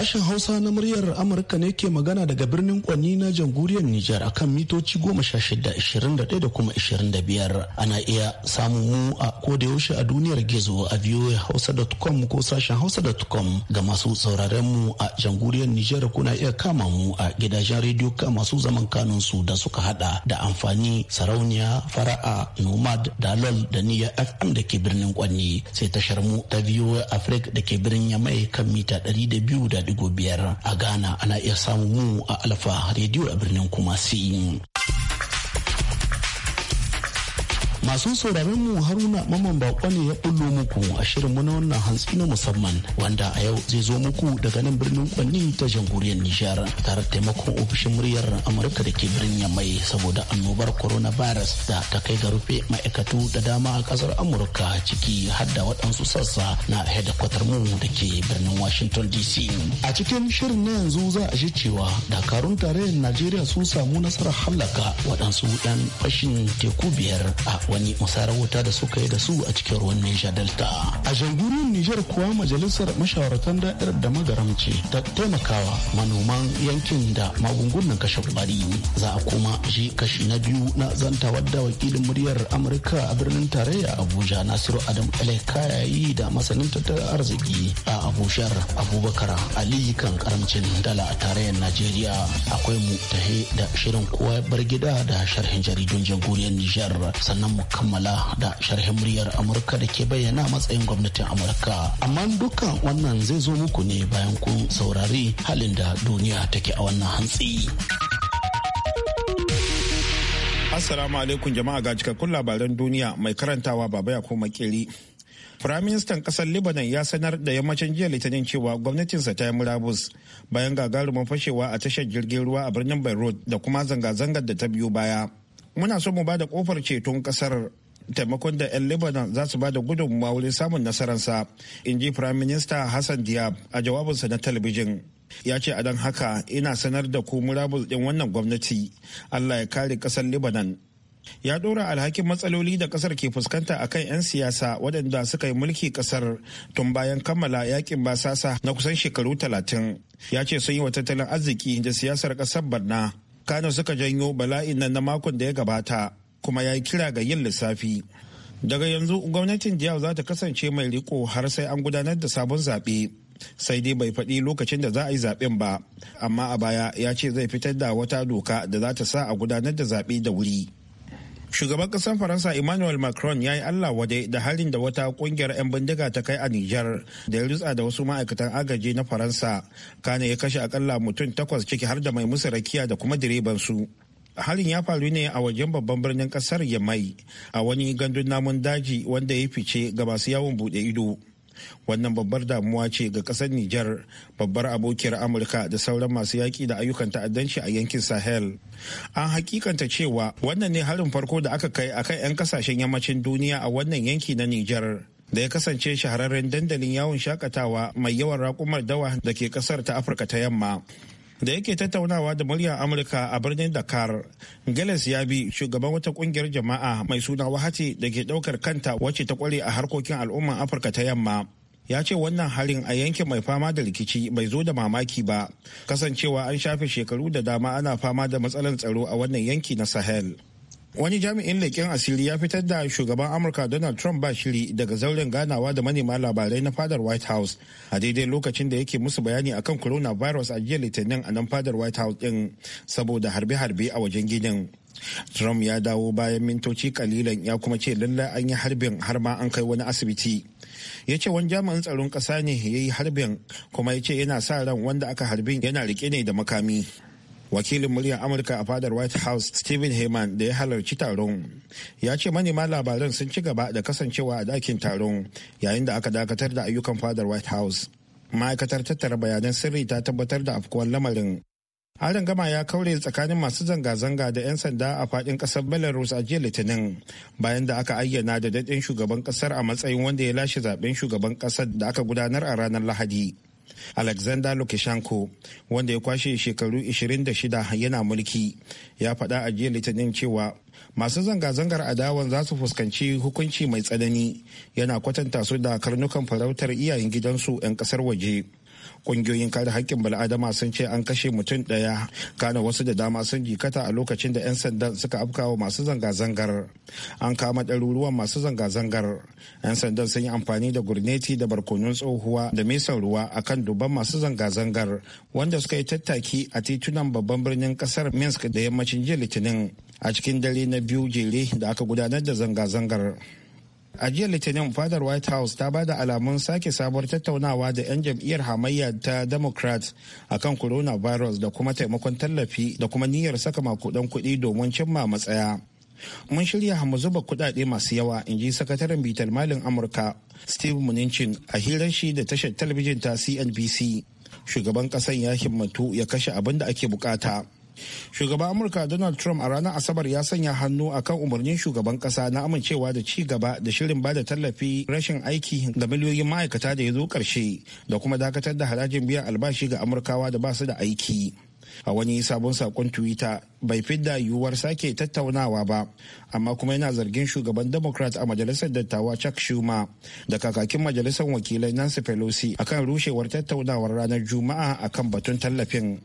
Sashen Hausa na muryar Amurka ne ke magana daga birnin Kwanni na jamhuriyar Nijar akan mitoci goma sha shida ishirin da da kuma ishirin da biyar. Ana iya samun mu a koda yaushe a duniyar gizo a hausa voahausa.com ko sashen hausa hausa.com ga masu sauraren mu a jamhuriyar Nijar kuna iya kama mu a gidajen rediyo ka masu zaman kanun su da suka hada da amfani sarauniya fara'a nomad dalol da niya fm da ke birnin Kwanni sai tashar mu ta VOA Africa da ke birnin Yamai kan mita ɗari da biyu da a Ghana ana iya samu mu a Alfa Radio a birnin Kumasi. Masu sauraron mu Haruna Maman Bako ne ya bullo muku a shirin mu na wannan hantsi na musamman wanda a yau zai zo muku daga nan birnin Kwanni ta jamhuriyar Nijar tare da taimakon ofishin muryar Amurka da ke birnin Yamai saboda annobar Corona coronavirus da ta kai ga rufe ma'aikatu da dama a kasar Amurka ciki har da waɗansu sassa na hedikwatar mu da ke birnin Washington DC. A cikin shirin na yanzu za a ji cewa dakarun tarayyar Najeriya sun samu nasarar hallaka waɗansu 'yan fashin teku biyar a wani musarar wuta da suka yi da su a cikin ruwan Niger Delta. A jamhuriyar Nijar kuwa majalisar mashawartan da'irar da magaramci ta taimakawa manoman yankin da magungunan kashe kwari. Za a kuma ji kashi na biyu na zantawar da wakilin muryar Amurka a birnin tarayya Abuja Nasiru Adam Alekayayi da masanin tattalin arziki a Abuja Abubakar Ali kan karamcin dala a tarayyar Najeriya akwai mu tahe da shirin kowa bar gida da sharhin jaridun jamhuriyar Nijar sannan mu kammala da sharhin muryar Amurka da ke bayyana matsayin gwamnatin Amurka. Amma dukkan wannan zai zo muku ne bayan kun saurari halin da duniya take a wannan hantsi. Assalamu alaikum jama'a ga cikakkun labaran duniya mai karantawa baba ya koma kiri. Firaministan ƙasar libanon ya sanar da yammacin jiya litinin cewa gwamnatinsa ta yi murabus bayan gagarumin fashewa a tashar jirgin ruwa a birnin Beirut da kuma zanga-zangar da ta biyo baya. muna so mu ba da kofar ceton kasar taimakon da 'yan lebanon za su ba da gudunmawa wurin samun nasararsa in ji prime minister hassan diab a jawabinsa na talabijin ya ce a don haka ina sanar da ku murabus din wannan gwamnati allah ya kare kasar lebanon ya dora alhakin matsaloli da kasar ke fuskanta a kan 'yan siyasa waɗanda suka yi mulki kasar tun bayan kammala yakin basasa na kusan shekaru talatin ya ce sun yi wa tattalin arziki da siyasar kasar barna Kano suka janyo bala'in nan na makon da ya gabata kuma ya yi kira ga yin lissafi. Daga yanzu gwamnatin jihar za ta kasance mai riko har sai an gudanar da sabon zaɓe. Sai dai bai faɗi lokacin da za a yi zaɓen ba, amma a baya ya ce zai fitar da wata doka da za ta sa a gudanar da zaɓe da wuri. Shugaban ƙasar Faransa Emmanuel Macron ya yi Allah wadai da halin da wata ƙungiyar 'yan bindiga ta kai a Nijar da ya rutsa da wasu ma'aikatan agaji na Faransa. Kane ya kashe akalla mutum takwas ciki har da mai musu rakiya da kuma direban su. halin ya faru ne a wajen babban birnin kasar yamai a wani gandun namun daji wanda ya fice ga masu yawon buɗe ido wannan babbar damuwa ce ga kasar Nijar babbar abokiyar Amurka da sauran masu yaƙi da ayyukan ta'addanci a yankin Sahel. An hakikanta cewa wannan ne harin farko da aka kai akan 'yan kasashen yammacin duniya a wannan yanki na Nijar. da ya kasance shahararren dandalin yawon shakatawa mai yawan raƙumar dawa da ke ƙasar ta afirka ta yamma da yake tattaunawa da muryar amurka a birnin dakar gales ya bi shugaban wata kungiyar jama'a mai suna wahati da ke daukar kanta wacce ta kware a harkokin al'umman afirka ta yamma ya ce wannan harin a yankin mai fama da rikici bai zo da mamaki ba kasancewa an shafe shekaru da dama ana fama da matsalar tsaro a wannan yanki na sahel wani jami'in leƙen asiri ya fitar da shugaban amurka donald trump ba shiri daga zauren ganawa da manema labarai na fadar white house a daidai lokacin da yake musu bayani akan coronavirus a jiya litinin a nan fadar white house din saboda harbe-harbe a wajen ginin trump ya dawo bayan mintoci kalilan ya kuma ce lallai an yi harbin har ma an kai wani asibiti ya ce wani jami'in tsaron ƙasa ne ya yi harbin kuma ya ce yana sa ran wanda aka harbin yana rike ne da makami wakilin muryar amurka a fadar white house stephen heyman da ya halarci taron ya ce manema labaran sun ci gaba da kasancewa a dakin taron yayin da aka dakatar da ayyukan fadar white house ma'aikatar tattara bayanan sirri ta tabbatar da afkuwan lamarin harin gama ya kaure tsakanin masu zanga-zanga da 'yan sanda a fadin kasar Belarus a jiya Litinin bayan da aka ayyana da daɗin shugaban kasar a matsayin wanda ya lashe zaben shugaban kasar da aka gudanar a ranar Lahadi. alexander lukashenko wanda ya kwashe shekaru 26 yana mulki ya faɗa a jiya litinin cewa masu zanga-zangar adawan za su fuskanci hukunci mai tsanani yana kwatanta su da karnukan farautar iyayen gidansu 'yan kasar waje Ƙungiyoyin kare haƙƙin bal'adama sun ce an kashe mutum ɗaya, kana wasu da dama sun jikata a lokacin da 'yan sandan suka afkawa masu zanga-zangar. An kama ɗaruruwan masu zanga-zangar. 'Yan sandan sun yi amfani da gurneti da barkonun tsohuwa da mesan ruwa akan dubban masu zanga-zangar wanda suka yi tattaki a titunan babban birnin kasar Minsk da yammacin jiya Litinin a cikin dare na biyu jere da aka gudanar da zanga-zangar. a jiya litinin fadar white house ta ba da alamun sake sabuwar tattaunawa da 'yan jam'iyyar hamayya ta democrat akan coronavirus da kuma taimakon tallafi da kuma niyyar saka makudan kuɗi domin cimma matsaya mun shirya mu zuba kuɗaɗe masu yawa in ji sakataren bitar malin amurka steve mnuchin a hirar shi da tashar talabijin ta cnbc shugaban ƙasan ya himmatu ya kashe abin da ake bukata shugaban amurka donald trump a ranar asabar ya sanya hannu akan umarnin shugaban kasa na amincewa da ci gaba da shirin ba da tallafi rashin aiki da miliyoyin ma'aikata da ya zo karshe da kuma dakatar da harajin biyan albashi ga amurkawa da ba su da aiki a wani sabon sakon twitter bai fidda yiwuwar sake tattaunawa ba amma kuma yana zargin shugaban democrat a majalisar dattawa chuck schumer da kakakin majalisar wakilai nancy pelosi akan rushewar tattaunawar ranar juma'a akan batun tallafin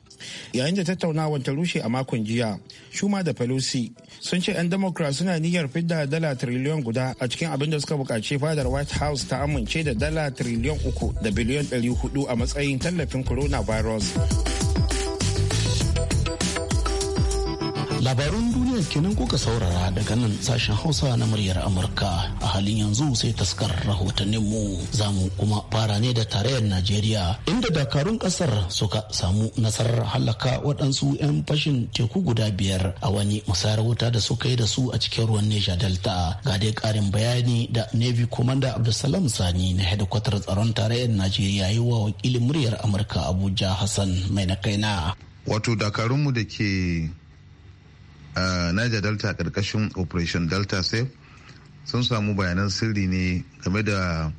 yayin da tattaunawar ta rushe a makon jiya shuma da pelosi sun ce 'yan democrat suna niyyar fidda dala triliyon guda a cikin abin da suka bukaci fadar white house ta amince da dala triliyon uku da biliyon ɗari hudu a matsayin tallafin coronavirus. virus labarun duniya kenan kuka saurara daga nan sashen hausa na muryar amurka a halin yanzu sai taskar rahotanninmu za mu kuma fara ne da tarayyar najeriya inda dakarun kasar suka samu nasarar halaka waɗansu 'yan fashin teku guda biyar a wani musayar wuta da suka yi da su a cikin ruwan neja delta ga dai karin bayani da navy commander abdulsalam sani na hedikwatar tsaron tarayyar najeriya yi wa wakilin muryar amurka abuja hassan mai na kaina wato dakarunmu da ke a niger delta karkashin operation delta safe sun samu bayanan sirri ne game da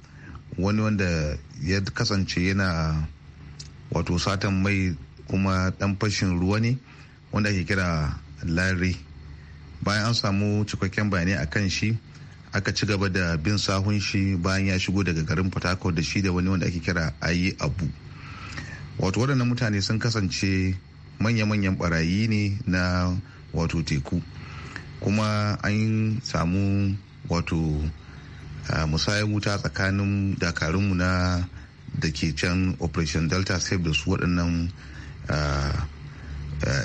wani wanda ya kasance yana wato satan mai kuma dan fashin ruwa ne wanda ke kira larry bayan an samu cikakken bayanai a kan shi aka ci gaba da bin sahun shi bayan ya shigo daga garin port da shi da wani wanda ake kira ayi abu wato waɗannan mutane sun kasance manya-manyan barayi ne na wato teku kuma an samu wato musayar wuta tsakanin dakarunmu na da ke can operation delta save da su waɗannan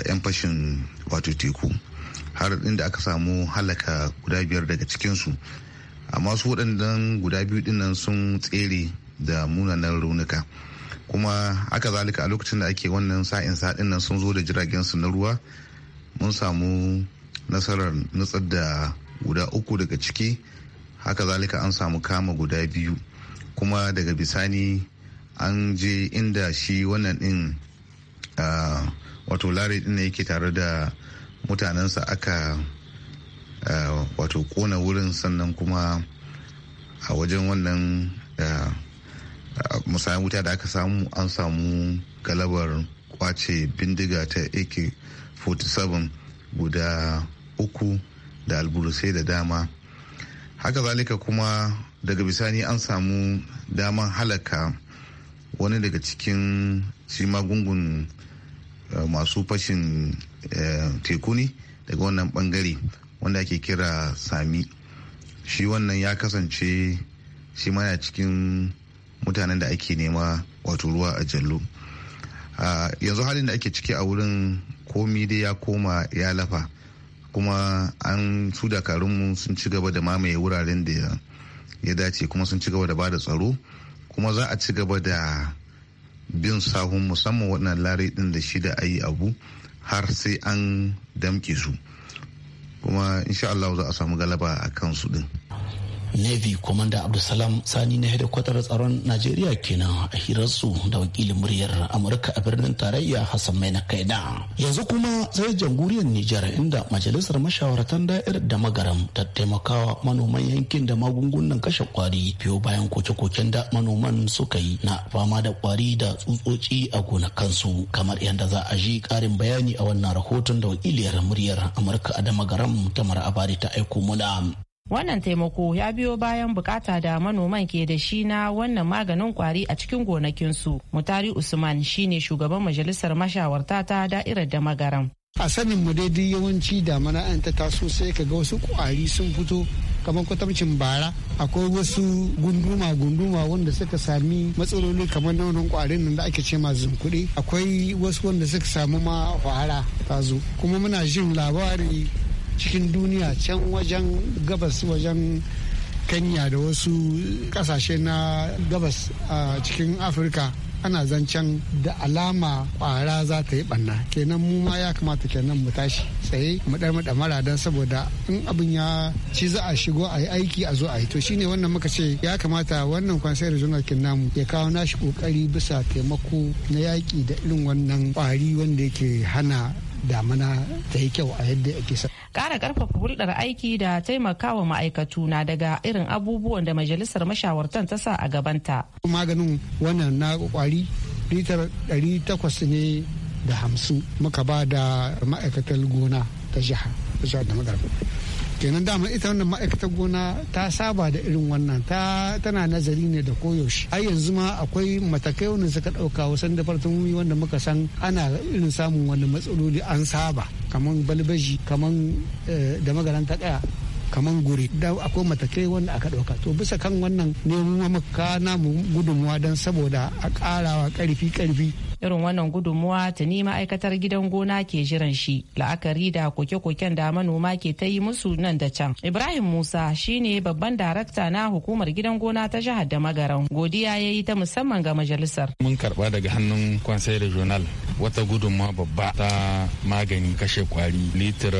'yan fashin wato teku har inda aka samu halaka guda biyar daga cikinsu amma su waɗannan guda biyu dinnan sun tsere da munanan raunuka kuma haka zalika a lokacin da ake wannan sa'in sa'in nan sun zo da jiragen su na ruwa mun samu nasarar nutsar da guda uku daga ciki haka zalika an samu kama guda biyu kuma daga bisani an je inda shi wannan din wato lare din ne yake tare da mutanensa aka wato kona wurin sannan kuma a wajen wannan musayin wuta da aka samu an samu galabar kwace bindiga ta ak 47 guda uku da alburusai da dama haka zalika kuma daga bisani an samu daman halaka wani daga cikin shi magungun eh, masu fashin eh, teku ne daga wannan bangare wanda ake kira sami shi wannan ya kasance shi mana cikin mutanen da ake nema wato ruwa a jallo ah, yanzu halin da ake ciki a wurin komi dai ya koma ya lafa kuma an su dakarunmu sun ci gaba da mamaye wuraren da ya dace kuma sun ci gaba da bada tsaro kuma za a ci gaba da bin sahun musamman waɗannan lare ɗin da shi da ayi abu har sai an damke su kuma insha Allah za a samu galaba a kansu ɗin. navy commander abdulsalam sani na kwatar tsaron najeriya kenan a hirarsu da wakilin muryar amurka a birnin tarayya hassan mai na kaida yanzu kuma sai jamhuriyar nijar inda majalisar mashawartan da'ir da magaram ta taimakawa manoman yankin da magungunan kashe kwari biyo bayan koke-koken da manoman suka yi na fama da kwari da tsutsotsi a gonakansu kamar yadda za a ji karin bayani a wannan rahoton da wakiliyar muryar amurka a da magaram mara abari ta aiko muna Wannan taimako ya biyo bayan bukata da manoman ke da shi na wannan maganin kwari a cikin gonakinsu. Mutari Usman shine shugaban majalisar mashawarta ta da'irar da magaran. A sanin mu daidai yawanci mana an ta taso sai ka ga wasu kwari sun fito kamar kwatamcin bara akwai wasu gunduma gunduma wanda suka sami matsaloli kamar naunin kwarin nan da ake ce ma kuɗi akwai wasu wanda suka samu ma kwara ta zo kuma muna jin labari cikin duniya can wajen gabas wajen kenya da wasu kasashe na gabas a cikin afirka ana zancen da alama kwara za ta yi banna kenan mu ma ya kamata kenan mu tashi tsaye mu dar mada mara don saboda in abin ya ci za a shigo a yi aiki a zo a yi to shine wannan muka ce ya kamata wannan kwansayar da kin namu ya kawo nashi kokari bisa taimako na yaki da irin wannan kwari wanda yake hana damana ta yi kyau a yadda ake sa. Ƙara ƙarfafa hulɗar aiki da taimakawa ma'aikatu na daga irin abubuwan da majalisar mashawartan ta sa a gabanta. Maganin wannan na kwari litar takwas ne da hamsin muka ba da ma'aikatar gona ta jiha kenan dama ita wannan ma'aikatar gona ta saba da irin wannan ta tana nazari ne da koyaushe har yanzu ma akwai matakai wanda suka ɗauka wasan dafartun wanda muka san ana irin samun wani matsaloli an saba kaman balbaji kaman eh, da ta ɗaya kaman guri da akwai matakai wanda aka ɗauka to bisa kan wannan neman maka namu gudunmuwa don saboda a ƙarawa karfi ƙarfi irin wannan gudunmuwa tuni ma'aikatar gidan gona ke jiran shi la'akari da koke-koken da manoma ke ta yi musu nan da can ibrahim musa shine babban darakta na hukumar gidan gona ta jihar da magaran godiya ya yi ta musamman ga majalisar mun karba daga hannun Kwansai regional wata gudunma babba ta magani kashe kwari litir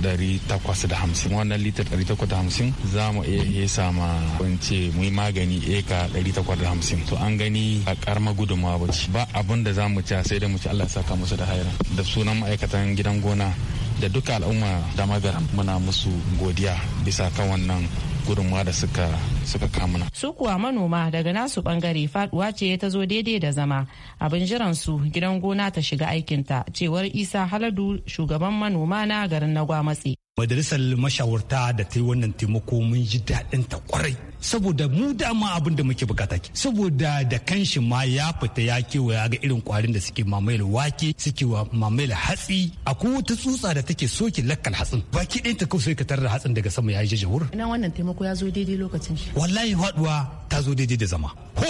850 wannan litir 850 za mu iya iya sama wance mai magani eka 850 to an gani a karma gudunma ba ci ba abin da za mu ci sai da mu ci Allah saka musu da haira da sunan ma'aikatan gidan gona da duka al'umma da magara muna musu godiya bisa kan wannan gudunmawa da suka suka kamuna. Su kuwa manoma daga nasu bangare faduwa ce ta zo daidai da zama abin jiran su gidan gona ta shiga aikinta cewar Isa Haladu shugaban manoma na garin na Gwamatse. Majalisar mashawarta da ta yi wannan taimako mun ji daɗin ta kwarai saboda mu dama abin da muke bukata ke saboda da kanshi ma ya fita ya kewaya ga irin kwarin da suke mamayar wake suke wa mamayar hatsi akwai wata tsutsa da take soke lakkal hatsin baki ɗin ta kawai ka tarar hatsin daga sama ya yi jajawur ina wannan taimako ya zo daidai lokacin shi wallahi faduwa ta zo daidai da zama ko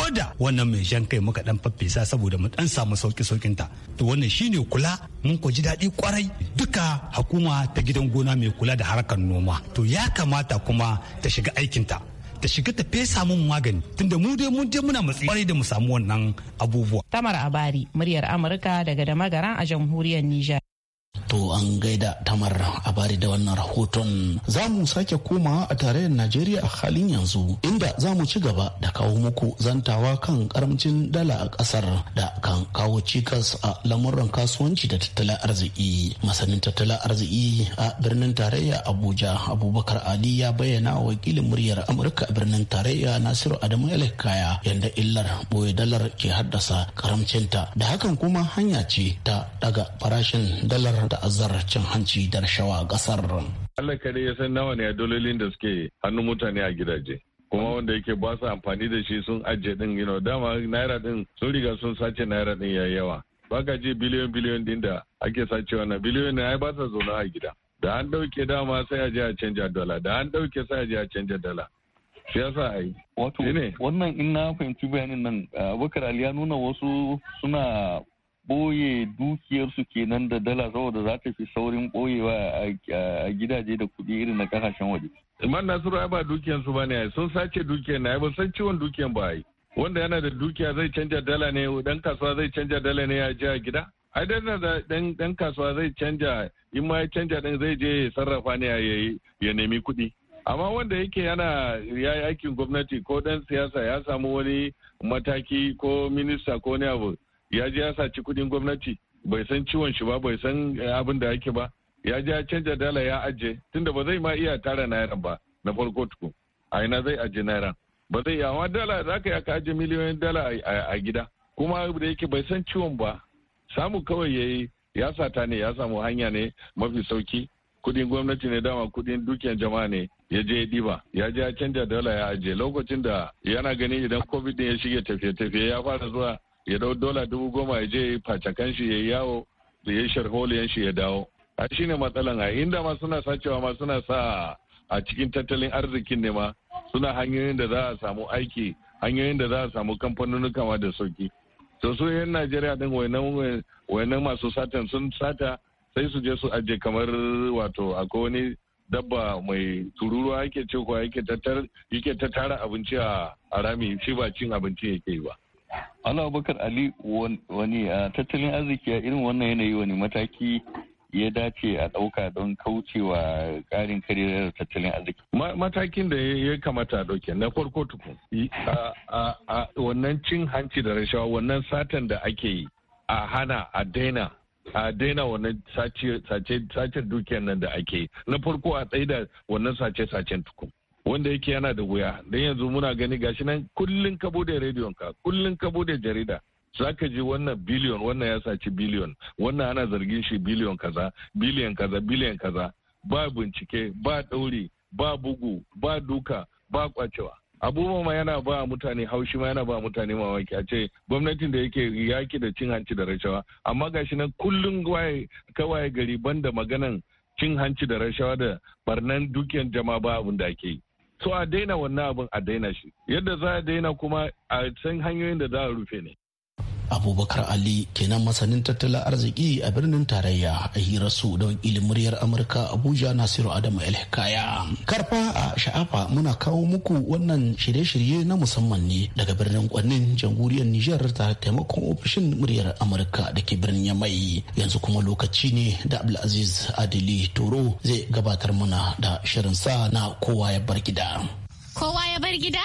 wannan mai shan kai muka dan faffesa saboda mu dan samu sauki saukin ta to wannan shine kula mun ku ji daɗi kwarai duka hukuma ta gidan gona mai kula da harkar noma to ya kamata kuma ta shiga aikinta ta shiga ta fesa mun magani tunda mu dai mun je muna matsi kwarai da mu samu wannan abubuwa. Tamar Abari, muryar Amurka daga da magaran a jamhuriyar Nijar. to an gaida tamar a bari da wannan rahoton za mu sake komawa a tarayyar najeriya a halin yanzu inda za mu ci gaba da kawo muku zantawa kan karamcin dala a kasar da kan kawo cikas a lamuran kasuwanci da tattalin arziki masanin tattalin arziki a birnin tarayya abuja abubakar ali ya bayyana wakilin muryar amurka a birnin tarayya nasiru adamu kaya yadda illar boye dalar ke haddasa karamcinta da hakan kuma hanya ce ta daga farashin dalar azar cin hanci da rashawa a ƙasar. Allah kare ya san nawa ne a dololin da suke hannun mutane a gidaje. kuma wanda yake ba su amfani da shi sun ajiye din yi na dama naira din sun riga sun sace naira din yayi yawa baka ji biliyon biliyon din da ake sacewa na biliyon ne ai ba sa zaune a gida da an dauke dama sai a je a canja dala da an dauke sai a je a canja dala shi ya sa ai wato wannan in na fahimci bayanin nan Abubakar Ali ya nuna wasu suna boye dukiyarsu kenan da dala saboda za ta fi saurin boyewa a gidaje da kuɗi irin na kasashen waje. Iman Nasiru ba dukiyarsu ba ne sun sace dukiyar na ba san ciwon dukiyar ba yi. Wanda yana da dukiya zai canja dala ne dan kasuwa zai canja dala ne ya je a gida. Ai dan dan kasuwa zai canja in ma ya canja din zai je sarrafa ne ya nemi kuɗi. amma wanda yake yana ya yi aikin gwamnati ko dan siyasa ya samu wani mataki ko minista ko ne abu ya je ya saci kudin gwamnati bai san ciwon shi ba bai san eh, abin da yake ba ya je ya canja dala ya ajiye tunda ba zai ma iya tara naira ba na farko tukun a ina zai ajiye naira ba zai iya amma dala za ka yaka ajiye miliyoyin dala a gida kuma da yake bai san ciwon ba samu kawai ya yi ya sata ne ya samu hanya ne mafi sauki kudin gwamnati ne dama kudin dukiyar jama'a ne ya je ya diba ya je ya canja dala ya ajiye lokacin da yana gani idan covid ya shige tafiye-tafiye ya fara zuwa ya dau dola dubu goma ya je facakan shi ya yawo da ya sharholiyan shi ya dawo a shi ne matsalan a inda ma suna sacewa ma suna sa a cikin tattalin arzikin ne ma suna hanyoyin da za a samu aiki hanyoyin da za a samu kamfanonin kama da sauki to su yan najeriya din wainan masu satan sun sata sai su je su aje kamar wato akwai wani dabba mai tururuwa yake ce ko yake ta tara abinci a rami shi ba cin abinci yake yi ba Allah Bakar Ali wani tattalin arziki a irin wannan yanayi wani mataki ya dace a ɗauka don kaucewa ƙarin karirar tattalin arziki. Matakin da ya kamata a ɗauke na farko tukun. Wannan cin hanci da rashawa wannan satan da ake yi a hana a daina a daina wannan sace dukiyar nan da ake yi na farko a tsaida wannan sace-sacen tukun. wanda yake yana da wuya don yanzu muna gani gashi nan kullun ka bude rediyon ka kullun ka bude jarida za ka ji wannan biliyon wannan ya saci biliyon wannan ana zargin shi biliyon kaza biliyon kaza biliyon kaza ba bincike ba ɗauri ba bugu ba duka ba kwacewa abubuwa ma yana ba mutane haushi ma yana ba mutane mamaki a ce gwamnatin da yake yaki da cin hanci da rashawa amma gashi nan kullun kawai gari banda maganan cin hanci da rashawa da barnan dukiyar jama'a ba abin da ake yi to a daina wannan abin a daina shi yadda za a daina kuma a san hanyoyin da za a rufe ne abubakar ali kenan masanin tattalin arziki a birnin tarayya a hirarsu su don muryar amurka abuja nasiru adamu elhikaya karfa a sha'afa muna kawo muku wannan shirye-shirye na musamman ne daga birnin kwannin jamhuriyar nijar ta taimakon ofishin muryar amurka da ke birnin yamai yanzu kuma lokaci ne da abdulaziz adili toro zai gabatar mana da shirin sa na kowa ya bar gida kowa ya bar gida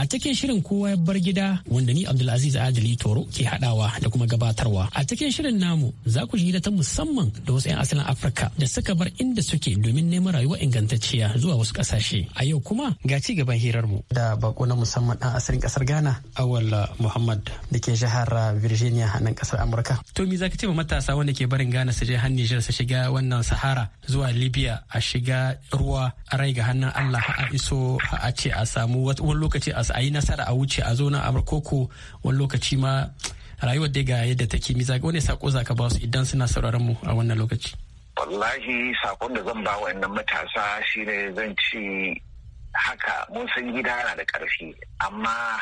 a cikin shirin kowa ya bar gida wanda ni Abdulaziz Adali Toro ke hadawa da kuma gabatarwa. A cikin shirin namu za ku ji ta musamman da wasu 'yan asalin Afirka da suka bar inda suke domin neman rayuwa ingantacciya zuwa wasu kasashe. A yau kuma ga ci gaban hirar mu. Da bako na musamman dan asalin kasar Ghana. Awal Muhammad da ke jihar uh, Virginia a nan kasar Amurka. To me za ka ce ma matasa wanda ke barin Ghana su je har Niger su shiga wannan Sahara zuwa Libya a shiga ruwa a rai ga hannun Allah a iso a ce a samu wani lokaci a su a yi nasara a wuce a zo na amur koko wani lokaci ma rayuwar dai ga yadda take mi zaga wani sako zaka ba su idan suna sauraron mu a wannan lokaci wallahi sakon da zan ba wa matasa shine zan ci haka mun san gida na da ƙarfi amma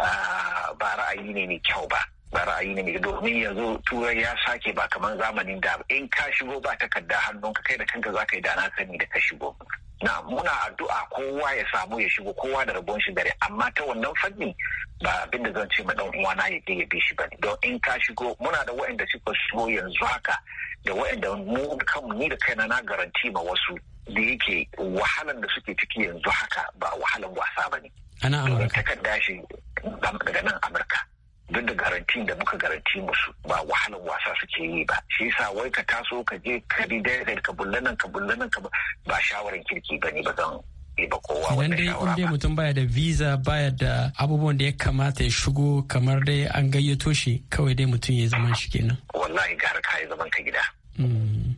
ah, ba ra'ayi ne mai kyau ba ba ra'ayi ne mai domin yanzu turai ya sake ba kamar zamanin da in ka shigo ba takarda Ka kai da kanka za ka yi dana sani da ka shigo na muna addu'a kowa ya samu ya shigo kowa da rabon shi dare amma ta wannan fanni ba abin da zan ce ma dan uwana ya ke ya bi shi bane don in ka shigo muna da waɗanda suka shigo yanzu haka da waɗanda mu kanmu ni da kaina na garanti ma wasu da yake wahalan da suke ciki yanzu haka ba wahalan wasa bane ana amurka takarda shi daga nan amurka duk da garantin da muka garanti musu ba wahalar wasa suke yi ba shi yasa wai ka taso ka je ka bi daidai ka bulla nan ka bulla nan ka ba shawarar kirki ba ne ba zan ba kowa wanda ba. mutum baya da visa baya da abubuwan da ya kamata ya shigo kamar dai an gayyato shi kawai dai mutum ya zama shi kenan. Wallahi gara ka ya zaman ka gida. Hmm.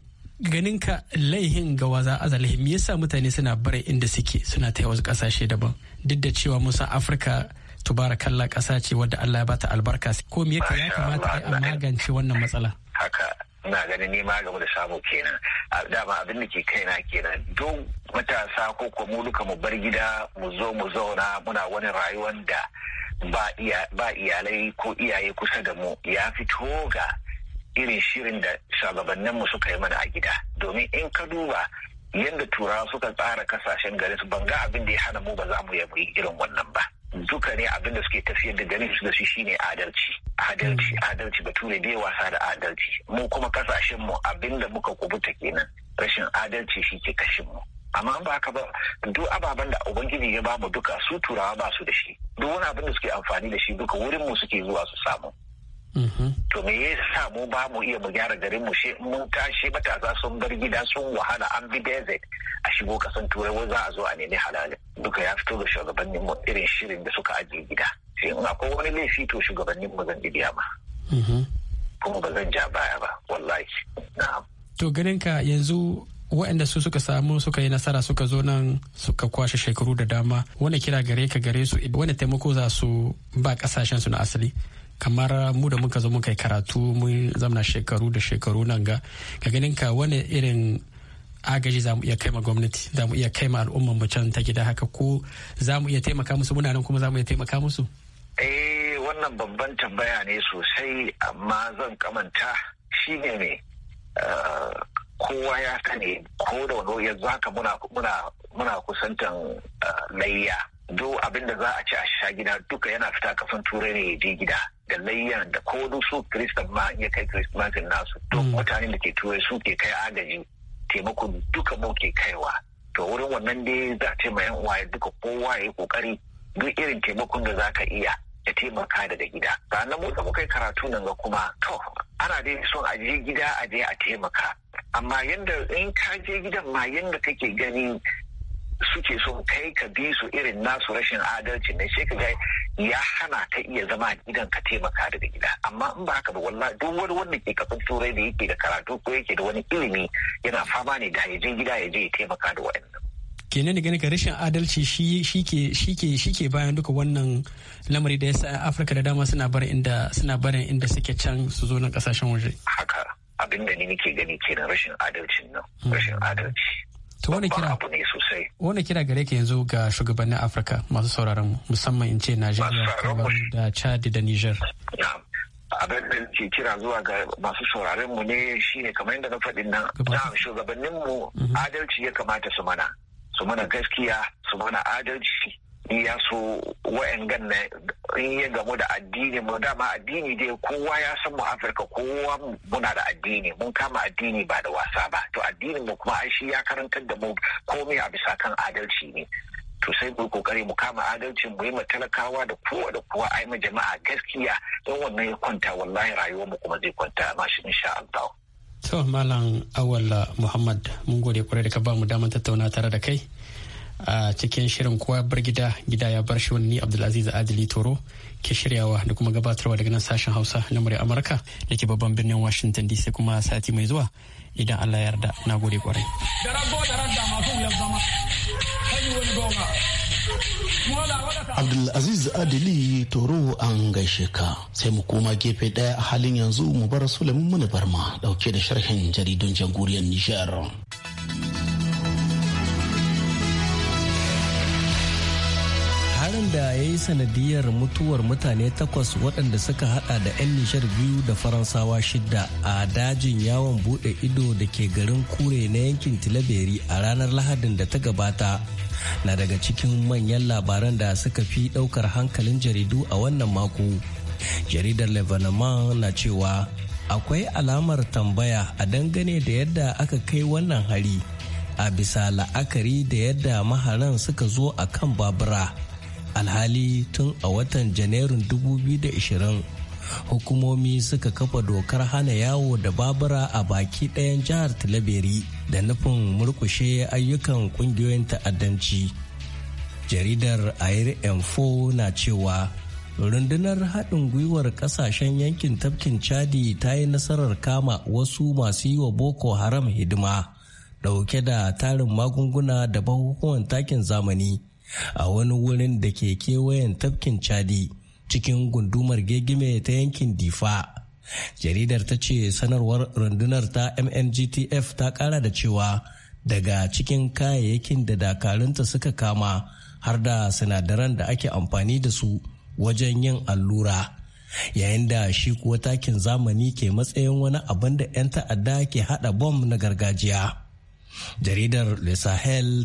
Ganin ka laihin ga waza aza me yasa mutane suna barin inda suke suna ta wasu kasashe daban duk da cewa musa Afirka tubarakallah ƙasa ce wadda Allah ya bata albarka ko me ya kamata a magance wannan matsala haka ina ganin nema game da samu kenan dama abin da ke kaina kenan don matasa ko kuma mu duka mu bar gida mu zo mu zauna muna wani rayuwar da ba iyalai ko iyaye kusa da mu ya fito ga irin shirin da shugabanninmu suka yi mana a gida domin in ka duba yadda turawa suka tsara kasashen garin su ban ga abin da ya hana mu ba za mu yi irin wannan ba duka ne abin da suke tafiyar da ganin su da su shine adalci adalci hmm. adalci bature bai wasa da adalci mu kuma kasashen mu abin da muka kubuta kenan rashin adalci shi ke kashin mu amma ba haka ba duk ababen da ubangiji ya bamu duka su turawa ba su da shi duk wani abin da suke amfani da shi duka wurin mu suke zuwa su samu Mm-hmm. To me ya sa mu ba mu iya mu gyara garin mu mun tashi matasa sun bar gida sun wahala an bi desert a shigo kasan turai wai za a zo a nemi halali duka ya fito da shugabannin mu irin shirin da suka ajiye gida. Sai in akwai wani laifi to shugabannin mu zan biya ma. Mm-hmm. Kuma ba zan ja baya ba wallahi. To ganin ka yanzu waɗanda su suka samu suka yi nasara suka zo nan suka kwashe shekaru da dama wani kira gare ka gare su wani taimako za su ba kasashen su na asali kamar mu da muka zo muka yi karatu mun zamna shekaru da shekaru nan ga ka ganin ka wani irin agaji za mu iya kai ma gwamnati za mu iya kai ma al'umman mu can ta gida haka ko za mu iya taimaka musu muna nan kuma za mu iya taimaka musu eh wannan babban tambaya ne sosai amma zan kamanta shi ne ne eh, kowa ya sani ko da wani yanzu haka muna muna muna kusantan eh, layya do abin da za a ci a sha gida duka yana fita kafin turai ne ya je gida da layya da ko su kristan ma ya kai krismasin nasu to hmm. mutane da ke turai su ke kai agaji taimakon duka mu ke kaiwa to wurin wannan dai za a taimaka yan uwa duka kowa ya yi kokari duk irin taimakon da za ka iya ya taimaka daga gida sannan mu da muka yi karatu nan ga kuma to ana dai son a je gida a je a taimaka amma yadda in ka je gidan ma yanda kake gani suke so kai ka bi su irin nasu rashin adalci ne sai ka ga ya hana ka iya zama gidan ka taimaka daga gida amma in ba haka ba walla duk wani wanda ke kafin turai da yake da karatu ko yake da wani ilimi yana fama ne da ya gida ya je ya taimaka da wa'annan kenan da gani ka rashin adalci shi ke bayan duka wannan lamari da yasa afirka da dama suna barin inda suna barin inda suke can su zo nan kasashen waje haka abinda da ni nake gani kenan rashin adalcin nan hmm. rashin adalci to wani kira abu ne sosai wani kira gare ka yanzu ga shugabannin afirka masu sauraron mu musamman in ce najeriya da chad da niger abin da ke kira zuwa ga masu sauraron mu ne shine kamar yadda na faɗin nan na shugabannin mu mhm. adalci ya kamata su mana su mana gaskiya su mana adalci ya so wa'angan na in ya gamu da addini mu dama addini dai kowa ya san mu afirka kowa muna da addini mun kama addini ba da wasa ba to addinin mu kuma shi ya karantar da mu komai a bisa kan adalci ne to sai mu kokari mu kama adalci mu yi ma talakawa da kowa da kowa ai ma jama'a gaskiya don wannan ya kwanta wallahi rayuwar mu kuma zai kwanta mashi insha Allah to malam awalla muhammad mun gode kwarai da ka ba mu damar tattauna tare da kai a cikin shirin kowa bar gida gida ya bar shi wani abdulaziz adili toro ke shiryawa da kuma gabatarwa daga nan sashen hausa na murya amurka da ke babban birnin washington dc kuma sati mai zuwa idan allah yarda na gode kwarai Abdulaziz Adili Toro an gaishe ka sai mu koma gefe ɗaya a halin yanzu mu bar Sulaiman Muni Barma dauke da sharhin jaridun jamhuriyar Nijar. halin da ya yi sanadiyar mutuwar mutane takwas waɗanda suka hada da 'yan nishar biyu da faransawa shidda a dajin yawon buɗe ido da ke garin kure na yankin tilaberi a ranar lahadin da ta gabata na daga cikin manyan labaran da suka fi ɗaukar hankalin jaridu a wannan mako jaridar lebanon na cewa akwai alamar tambaya a dangane da yadda aka kai wannan hari a bisa la'akari da yadda maharan suka zo a kan babura alhali tun a watan janairun 2020 hukumomi suka kafa dokar hana yawo da babura a baki ɗayan jihar talaberi da nufin murkushe ayyukan ƙungiyoyin ta'addanci jaridar air m na cewa rundunar haɗin gwiwar ƙasashen yankin tafkin chadi ta yi nasarar kama wasu masu yi wa boko haram hidima dauke da tarin magunguna da bahukuwan takin zamani a wani wurin da ke kewayen tafkin chadi cikin gundumar gegime ta yankin difa jaridar ta ce sanarwar rundunar ta mngtf ta kara da cewa daga cikin kayayyakin da dakarunta suka kama har da sinadaran da ake amfani da su wajen yin allura yayin da shi kuwa takin zamani ke matsayin wani abin da 'yan ta'adda ke hada bom na gargajiya jaridar le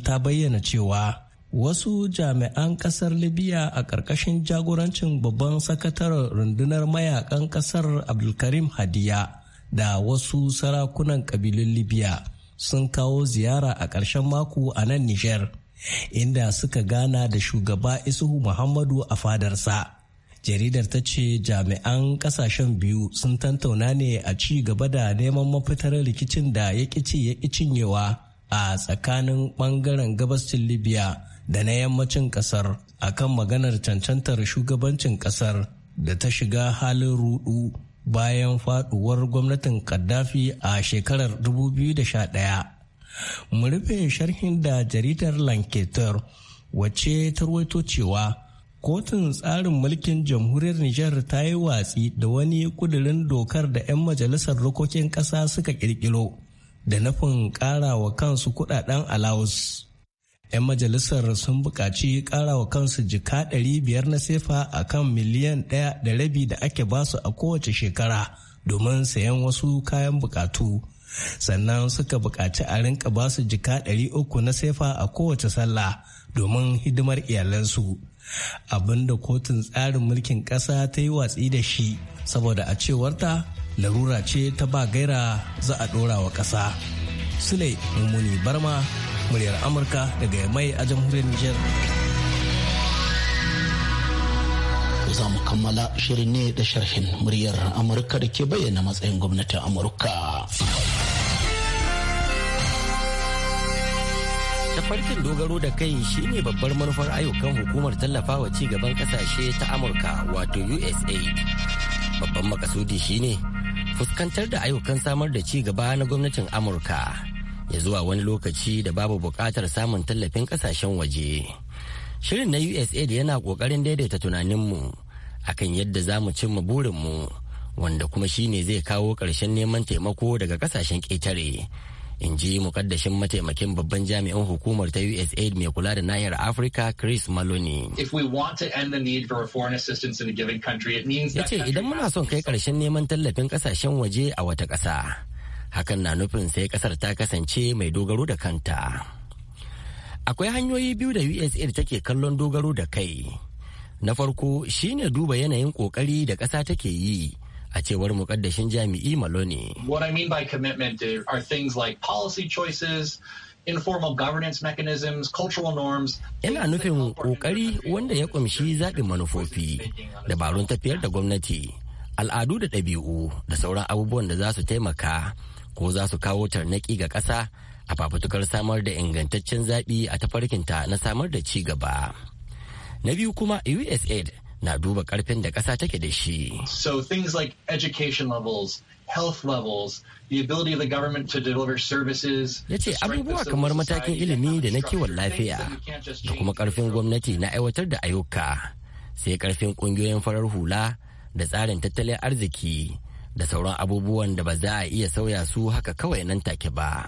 ta bayyana cewa wasu jami'an kasar libya a ƙarƙashin jagorancin babban sakataren rundunar mayakan kasar abdulkarim hadiya da wasu sarakunan ƙabilun libya sun kawo ziyara a ƙarshen mako a nan Niger, inda suka gana da shugaba isuhu muhammadu a fadarsa jaridar ta ce jami'an kasashen biyu sun tantauna ne a ci gaba da neman mafitar rikicin da ya ƙici ya cinyewa a tsakanin ɓangaren cin libya da na yammacin kasar kan maganar cancantar shugabancin kasar da ta shiga halin rudu bayan faduwar gwamnatin Kaddafi a shekarar 2011. Mu rufe sharhin da jaridar Lanketer wace ta ruwaito cewa kotun tsarin mulkin jamhuriyar Nijar ta yi watsi da wani ƙudirin dokar da 'yan majalisar dokokin ƙasa suka kirkiro da nufin ƙara wa kansu kudaden alawus. 'yan majalisar sun buƙaci ƙara wa kansu jika ɗari biyar na sefa a kan miliyan ɗaya da rabi da ake basu a kowace shekara domin sayan wasu kayan buƙatu sannan suka buƙaci a rinka basu jika ɗari uku na sefa a kowace sallah domin hidimar iyalansu abin da kotun tsarin mulkin ƙasa ta yi watsi da shi saboda a cewarta larura ce ta ba gaira za a ɗora wa ƙasa sule mummuni barma muryar amurka daga mai a jamhuriyar niger za mu kammala shirin ne da sharhin muryar amurka da ke bayyana matsayin gwamnatin amurka tafarkin dogaro da kai shine babbar manufar ayyukan hukumar tallafawa ci gaban kasashe ta amurka wato usa babban makasudi shine fuskantar da ayyukan samar da ci gaba na gwamnatin amurka ya zuwa wani lokaci da babu buƙatar samun tallafin kasashen waje. Shirin na USAID yana ƙoƙarin daidaita tunaninmu akan yadda za mu cimma burinmu wanda kuma shi ne zai kawo ƙarshen neman taimako daga ƙasashen ƙetare. In ji mukaddashin mataimakin babban jami'in hukumar ta usa mai kula da nahiyar Afirka Chris Maloney. Ya ce idan muna son kai ƙarshen neman tallafin ƙasashen waje a wata ƙasa. hakan na nufin sai kasar ta kasance mai dogaro da kanta akwai hanyoyi biyu da usaid take kallon dogaro da kai na farko shine duba yanayin kokari da ƙasa take yi a cewar mukaddashin jami'i malone what i mean by commitment are things like policy choices informal governance mechanisms, cultural norms. Ina nufin kokari wanda ya kumshi zaɓin manufofi, dabarun tafiyar da gwamnati, al'adu da ɗabi'u da sauran abubuwan da za su taimaka ko za su kawo tarnaki ga ƙasa a fafutukar samar da ingantaccen zaɓi a tafarkinta na samar da ci gaba. Na biyu kuma USAID na duba ƙarfin da ƙasa take da shi. So things like education levels, health levels, the ability of the government to deliver services. Ya abubuwa kamar matakin ilimi da na kiwon lafiya da kuma ƙarfin gwamnati na aiwatar da ayyuka sai ƙarfin ƙungiyoyin farar hula da tsarin tattalin arziki da sauran abubuwan da ba za a iya sauya su haka kawai nan take ba.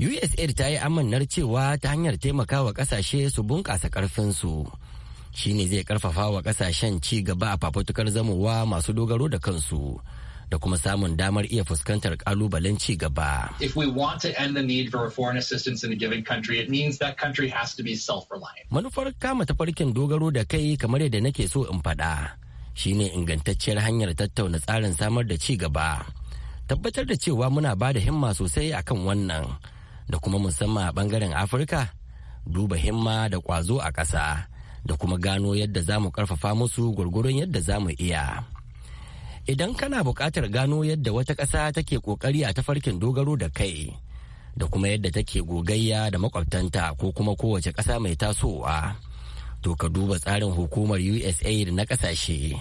USAID ta yi amannar cewa ta hanyar taimakawa kasashe su bunƙasa ƙarfinsu ne zai ƙarfafa wa ƙasashen ci gaba a fafutukar zamowa masu dogaro da kansu. da kuma samun damar iya fuskantar ƙalubalen ci gaba. If we want to end the need for foreign assistance in a given country, it means that country has to be self-reliant. Manufar kama tafarkin dogaro da kai kamar yadda nake so in faɗa. shine ingantacciyar hanyar tattauna tsarin samar da ci gaba tabbatar da cewa muna ba da himma sosai akan wannan da kuma musamman a bangaren afirka duba himma da kwazo a ƙasa da kuma gano yadda za mu ƙarfafa musu gwargwaron yadda za mu iya idan kana buƙatar gano yadda wata ƙasa take ƙoƙari a tafarkin dogaro da kai da kuma yadda take gogayya da makwabtanta ko kuma kowace ƙasa mai tasowa. to ka duba tsarin hukumar USAID na kasashe.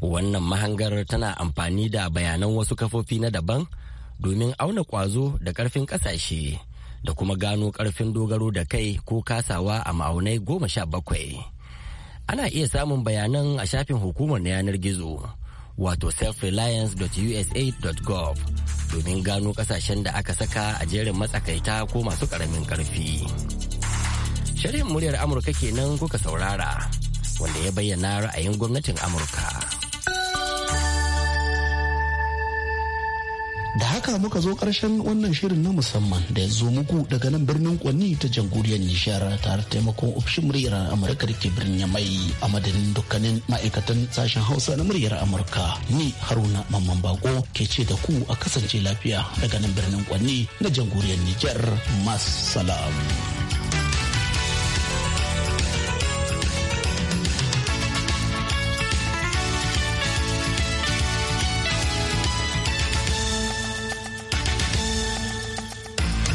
Wannan mahangar tana amfani da bayanan wasu kafofi na daban domin auna kwazo da karfin kasashe da kuma gano karfin dogaro da kai ko kasawa a ma'aunai goma sha bakwai. Ana iya samun bayanan a shafin hukumar na yanar gizo wato selfreliance.usa.gov domin gano kasashen da aka saka a jerin matsakaita ko masu karamin karfi. Sharhin muryar Amurka kenan kuka saurara wanda ya bayyana ra'ayin gwamnatin Amurka. Da haka muka zo ƙarshen wannan shirin na musamman da ya zo muku daga nan birnin Kwanni ta jamhuriyar Nishiyar tare da taimakon ofishin muryar Amurka da ke birnin Yamai a madadin dukkanin ma'aikatan sashen Hausa na muryar Amurka. Ni Haruna Mamman Bako ke ce da ku a kasance lafiya daga nan birnin Kwanni na jamhuriyar Nijar. masalam salam.